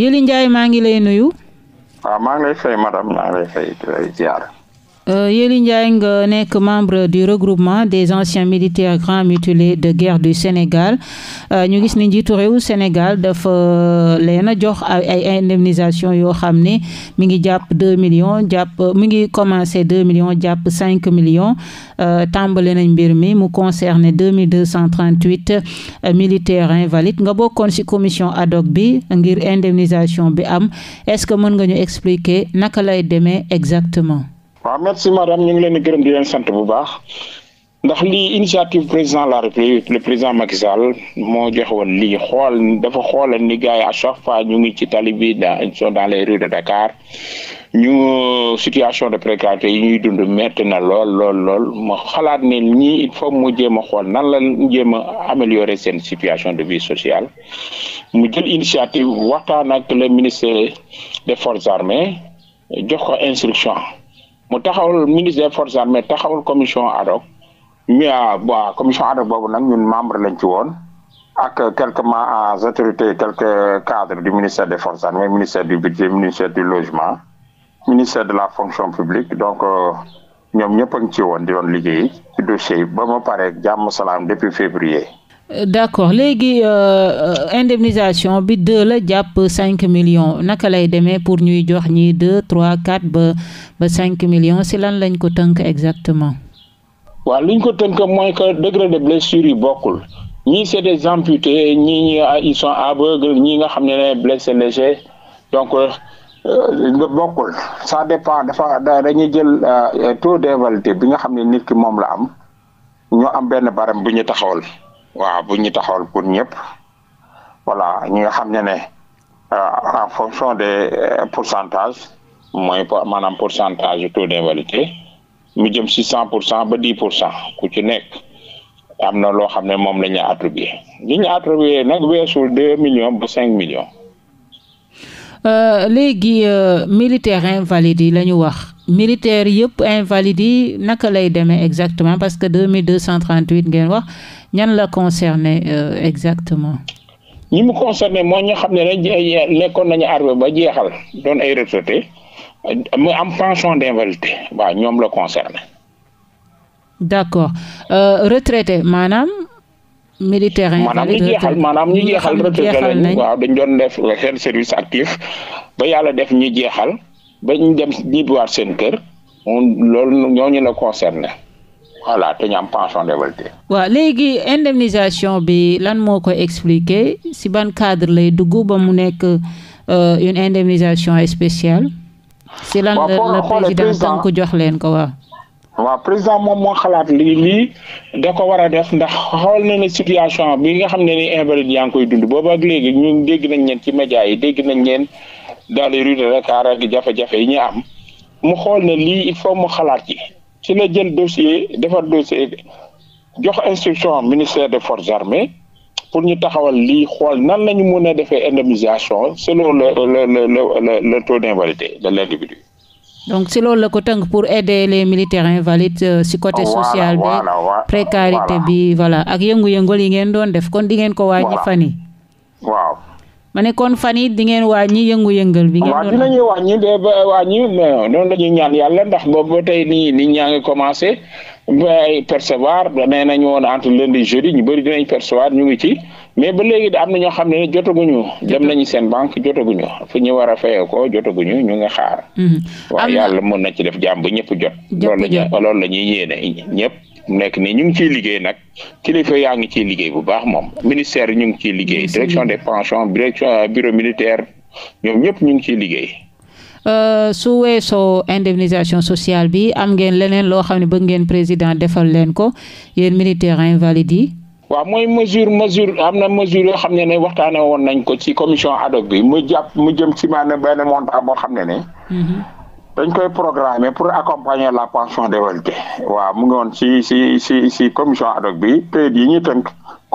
Yéli Ndiaye maa ngi lay nuyu. waaw ah, maa ngi lay fay madame maa ngi lay fay Euh, Yéli Ndiaye nga nekk membre du regroupement des anciens militaires grands mutilés de guerre du Sénégal euh, ñu gis ni njiitu réew Sénégal dafa euh, leen a jox ay indemnisation yoo xam ne mi ngi jàpp deux millions jàpp mi ngi commencé deux millions jàpp cinq millions tàmbale nañ mbir mi mu concerné deux mille deux cent trente huit militaires invalides nga bokkoon ci commission ad hoc bi ngir indemnisation bi am est-ce que mën nga ñu expliquer naka lay demee exactement. waaw merci madame ñu ngi leen di gërëm di leen sant bu baax ndax lii initiative président la république le président Macky moo joxe woon xool dafa xoolal ni gars yi chaque fois ñu ngi ci tali bi ils sont dans les rues de Dakar ñu situation de précarité yi ñuy dund métti na lool lool lool xalaat ne ñii il faut mu jéem a xool nan la jéem a améliorer seen situation de vie sociale mu jël initiative waxtaan ak le ministère des forces armées jox ko instruction. mu taxawal ministre des forces armées taxawul commission ad hoc mi euh, waa commission ad hoc boobu nag ñun membre lañ ci woon ak quelques ma autorités quelques cadres du ministère des forces armées ministère du budget ministère du logement ministère de la fonction publique donc euh, ñoom ñëpp a ci woon di doon liggéey ci dossier yi ba ma pare jàmm salaam depuis février d' accord léegi euh, euh, indemnisation bi deux la jàpp cinq millions naka lay demee pour ñuy jox ñi deux trois quatre ba ba cinq millions si lan lañ ko tënk exactement. waaw li ko tënk mooy que degré de blessure yi bokkul ñii c' est des amputés ñii ñi ah, ils sont aveugles ñii nga xam ne ne blessé léger donc euh, bokkul ça dépend dafa dañuy jël taux d' invalidité bi nga xam ne nit ki moom la am ñoo am benn barème bu ñu taxawal. waaw bu ñu taxawal pour ñëpp voilà ñi nga xam ne ne euh, en fonction des euh, pourcentages mooy maanaam pourcentage taux d'invalidité mu jëm si cent pour cent ba dix pour cent ku ci nekk am na loo xam ne moom la ñu attribué li ñu attribué nag weesul deux millions ba cinq millions. Euh, léegi euh, militaire invalide yi la ñu wax militaire yëpp invalides yi naka lay demee exactement parce que 2238 ngeen wax ñan la concerné euh, exactement. ñi mu concerné mooy ñu xam ne rek nekkoon nañu armée ba jeexal doon ay retraité mu am pension d'invalidité waaw ñoom la concerné. d'accord euh, retraité maanaam. militaire invalide maanaam ñu jeexal maanaam ñu jeexal retraité lañu waaw doon def seen service actif ba yàlla def ñu jeexal. bañ dem ñibbiwaat seen kër loolu ñooñu la concerné voilà te ñu am pension révolté waa léegi indemnisation bi lan moo ko expliquer si ban cadre lay duggu ba mu nekk euh, une indemnisation spéciale si lan la président tànk jox leen ko waaw waaw moom moo xalaat lii lii da ko war a def ndax xool na ne situation bi nga xam ne ni invalide yaa koy dund boobu ak léegi ñu dégg nañ leen ci média yi dégg nañ leen dans les rues de Dakar ak jafe-jafe yi ñuy am mu xool ne lii il faut mu xalaat ji ci la jël dossier defar dossier jox instruction ministère de forces armées pour ñu taxawal lii xool nan lañu mën a defee indemnisation selon le le le le le de l'individu. donc si loolu la ko tëng pour aider les militaires invalides euh, si côté social bi précarité bi voilà ak yëngu-yëngal yi ngeen doon def kon di ngeen ko wàññi fan ma ne kon fan yi di ngeen wàññi yëngu-yëngal bi. ngeen doon waaw dinañu wàññi de ba wàññi mais noonu ñaan yàlla ndax boobu ba tey nii nit ñaa ngi commencé bay percevoir nee nañu woon entre lundi jeudi ñu bëri dinañ percevoir ñu ngi ci mais ba léegi am na ñoo xam ne jotaguñu dem nañu seen banque jotaguñu fu ñu war a fayee ko jotaguñu ñu ngi xaar. Mhm. waaw yàlla mën na ci def jàmm ba ñëpp jot. loolu la ñuy loolu la ñuy yéene ñëpp. mu nekk nii ñu ngi ciy liggéey nag kilifa yaa ngi ciy liggéey bu baax moom ministère yi ñu ngi ciy liggéey direction des pensions direction euh, bureau militaire ñoom ñëpp ñu ngi ciy liggéey Euh, su weesoo indemnisation sociale bi am ngeen leneen loo xam ne bëgg ngeen président defal leen ko yéen militaire invalides yi waa mooy mesure mesure am na mesure yoo xam ne ne waxtaane woon nañ ko ci commission ad hoc bi mu jàpp mu jëm ci maanaam benn montant boo xam ne ne mhm. dañ koy programme pour accompagner la pension dévolutée waaw mu ngi woon si si si si commission ad bi période yi ñuy tënk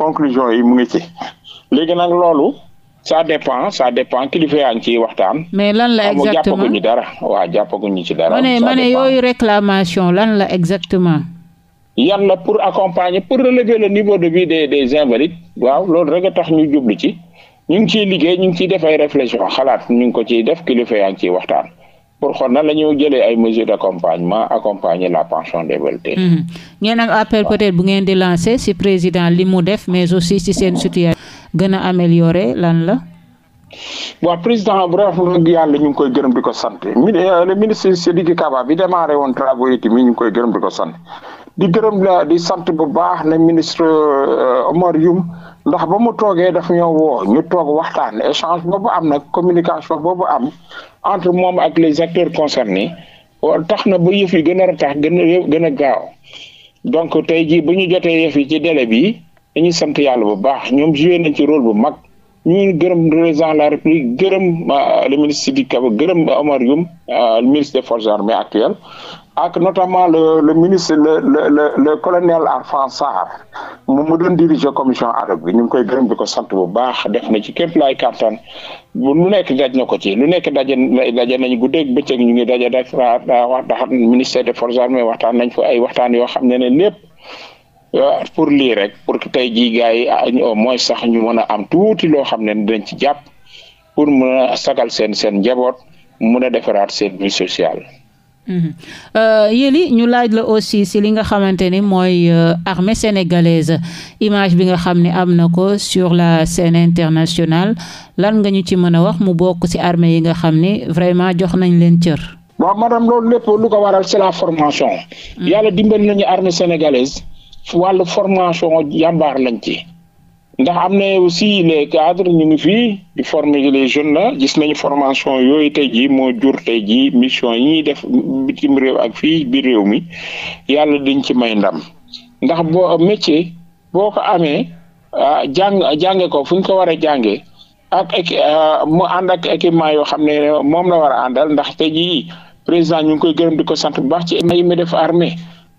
conclusion yi mu ngi ci léegi nag loolu ça dépend ça dépend kilifa yaa ngi ciy waxtaan. mais lan la exactement jàppaguñu dara waaw jàppaguñu ci dara. ma ne ma ne lan la exactement. yan la pour accompagner pour relever le niveau de vie des des invalides waaw loolu rek a tax ñu jublu ci ñu ngi ciy liggéey ñu ngi ciy def ay réflexion xalaat ñu ngi ko ciy def kilifa yaa ngi ciy waxtaan. pour xool nan la ñu jëlee ay mesures d' accompagnement accompagner la pension des retraités. Mhm. ngeen appel peut-être bu ngeen di lancer ci président li mu def mais aussi ci seen situation gën a améliorer lan la. waaw président bu rafetlu yàlla ñu ngi koy gërëm di ko sant euh, le ministre Sidiki Kaba bi démarré woon travaux yi tamit ñu ngi koy gërëm di ko sant di gërëm la di sant bu baax le ministre euh, Omar Youm. ndax ba mu toogee daf ñoo woo ñu toog waxtaan échange boobu am nag communication boobu am entre moom ak les acteurs concernés tax na bu yëf yi gën a ratax gën a gën a gaaw donc tey jii bu ñu jotee yëf ci délai bi dañuy sant yàlla bu baax ñoom joué nañ ci rôle bu mag ñu ngi gërëm président de la république gërëm euh, le ministre Sidiki Kaba gërëm Omar Youm euh, le ministre des forces armées actuel ak notamment le le ministre le le le le colonel Arfan Sahar mu mu doon diriger commission arabe bi ñu ngi koy gërëm di ko sant bu baax def na ci képp laay kàttan bu lu nekk daj na ko ci lu nekk daje daje nañ guddeeg bëccëg ñu ngi daje dafa wax ministère des forces armées waxtaan nañ fa ay waxtaan yoo xam ne ne lépp. Euh, pour lii rek pour que tey jii gars yi ah, au moins sax ñu mën a am tuuti loo xam ne dinañ ci jàpp pour mën a sagal seen seen njaboot mën a defaraat seen vie sociale. Mhm. Euh, Yéli ñu laaj la aussi si li nga xamante ni mooy euh, armée sénégalaise image bi nga xam ni am na ko sur la scène internationale lan nga ñu ci mën a wax mu bokk ci armée yi nga xam ni vraiment jox nañ leen cër. waa ma madame loolu lépp lu ko waral c'est la formation. Mhm. yàlla dimbali nañu armée sénégalaise. wàllu formation jàmbaar lañ ci ndax am na aussi les cadres ñu ngi fii di former les jeunes la gis nañu formation yooyu tey jii moo jur tey jii mission yi ñuy def bitim réew ak fii bi réew mi yàlla dañ ci may ndam ndax boo métier boo ko amee ah, jàng jànge ko fu ñu ko war a jàngee ak ah, mu ànd ak équipement yoo xam ne moom la war a àndal ndax tey jii président ñu ngi koy gërëm di ko sant bu baax ci ay mi def armée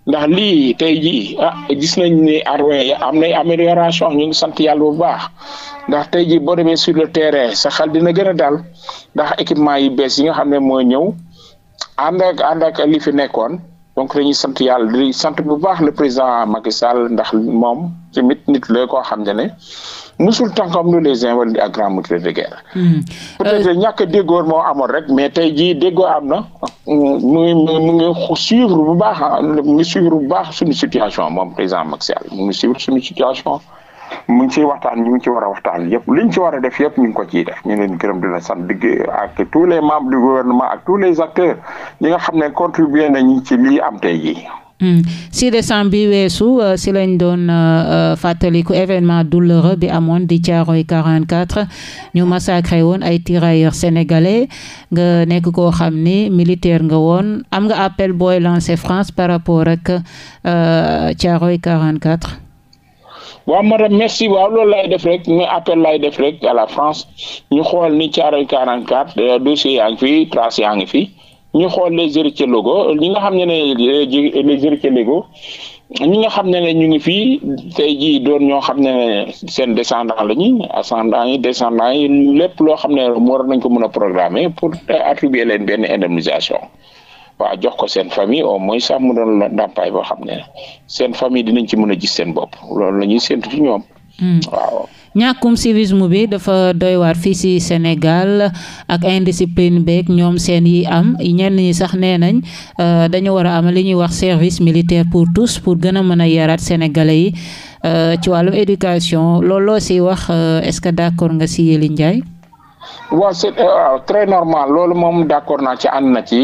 ndax lii tey jii ah gis nañ ne armée yi am nay amélioration ñu ngi sant yàlla bu baax ndax tey jii boo demee sur le terrain sa xel dina gën a daal ndax équipement yi bees yi nga xam ne moo ñëw ànd ak ànd ak li fi nekkoon donc dañuy sant yàlla di sant bu baax le président Macky Sall ndax moom tamit nit la koo xam musul tànkam lu les invalides ak grand moutre de guerre. Hmm. peut-être euh, ñàkk déggoo moo amoon rek mais tey jii déggoo am na mu ngi mu ngi suivre bu baax mu ngi suivre bu baax suñu situation moom président Macky Sall mu suivre suñu situation mu ngi ciy waxtaan ñu ngi ci war a waxtaan yëpp liñ ci war a def yëpp ñu ngi ko ci def ñu leen gërëm di na sant di ak tous les membres du gouvernement ak tous les acteurs yi nga xam ne contribué nañu ci lii am tey jii. Hmm. si décembre bi weesu euh, si lañ doon euh, euh, fàttaliku événement douloureux bi amoon di Thiaroye 44 ñu massacré woon ay tirailleurs sénégalais nga nekk ko xam ni militaire nga woon am nga appel bo lancé France par rapport ak Thiaroye 44. waaw madame merci waaw loolu laay def rek mais appel laay def rek à la France ñu xool ni Thiaroye 44 dossier yaa ngi fi trace fi. ñu xool les héritiers légaux ñi nga xam ne ne les héritiers ñi nga xam ne ñu ngi fii tey jii doon ñoo xam ne ne seen descendant la ñuy ascendant yi descendant yi lépp loo xam ne war nañ ko mun a programmer pour attribuer leen benn indemnisation waaw jox ko seen famille au moins sax mu doon ndàmpaay boo xam ne seen famille dinañ ci mun a jis seen bopp loolu la ñuy séntu ci ñoom. Hmm. waaw ñàkkum civisme bi dafa doywaat waar fii ci Sénégal ak indiscipline beeg ñoom seen yi am ñenn ñi sax nee nañ euh, dañu war a am li ñuy wax service militaire pour tous pour gën a mën a yaraat sénégalais yi euh, ci wàllum éducation looloo si wax euh, est-ce que d'accord nga ci Yéli Ndiaye. waaw c'est très normal loolu moom d'accord naa ci ànd na ci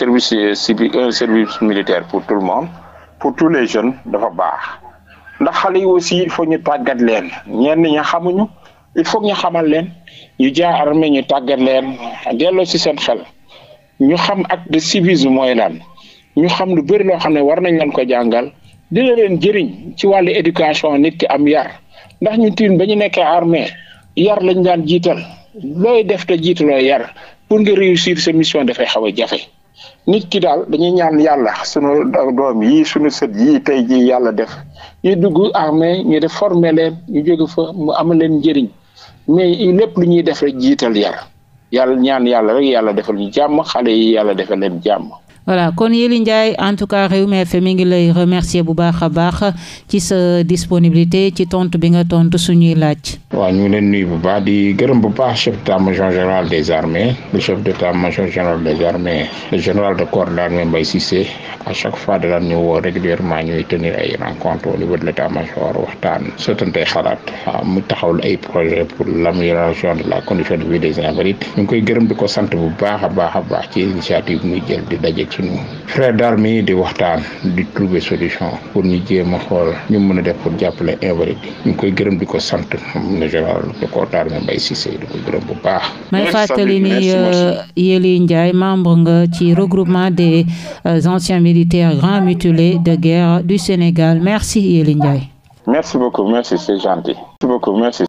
service civique service militaire pour tout le monde pour tous les jeunes dafa baax. ndax xale yi aussi il ñu tàggat leen ñenn ña xamuñu il faut ñu xamal leen ñu jaar armée ñu tàggat leen delloo si seen xel ñu xam acte de civisme mooy lan ñu xam lu bëri loo xam ne war nañ leen ko jàngal dina leen jëriñ ci wàllu éducation nit ki am yar ndax ñu tin ba ñu nekkee armée yar lañ daan jiital looy def te jiitaloo yar pour nga réussir sa mission dafay xaw a jafe nit ki daal dañuy ñaan yàlla sunu doom yi sunu sët yi tey ji yàlla def ñuy dugg armée ñu def former leen ñu jóge fa mu amal leen njëriñ mais lépp lu ñuy def rek jiital yar yàlla ñaan yàlla rek yàlla defal ñu jàmm xale yi yàlla defal leen jàmm voilà kon Yelly Ndiaye en tout cas Rewmi FM mi ngi lay remercier bu baax a baax ci sa disponibilité ci tont bi nga tontu suñuy laaj. waa ñu leen nuyu bu baax di gërëm bu baax chef d'état-major général des armées le chef d'état-major général des armées le général de corps de l'armée Mbaye Cissé à chaque fois de daan ñu woo régulièrement ñuy tenir ay rencontres au niveau de l'état-major waxtaan xalaat mu taxawul ay projet pour l'amélioration de la condition de vie des invalides ñu ngi koy gërëm di ko sant bu baax a baax a muy jël di daje. sunu frère d'armes yi di waxtaan di trouver solution pour ñu jéem a xool ñu mën a def pour jàppale invalide bi ñu koy gërëm di ko sant moom le général de corps d'armée Mbaye Cissé di ko gërëm bu baax. may fàttali ni euh, Yéli Ndiaye membre nga ci regroupement des euh, anciens militaires grands mutilés de guerre du Sénégal merci Yéli Ndiaye. merci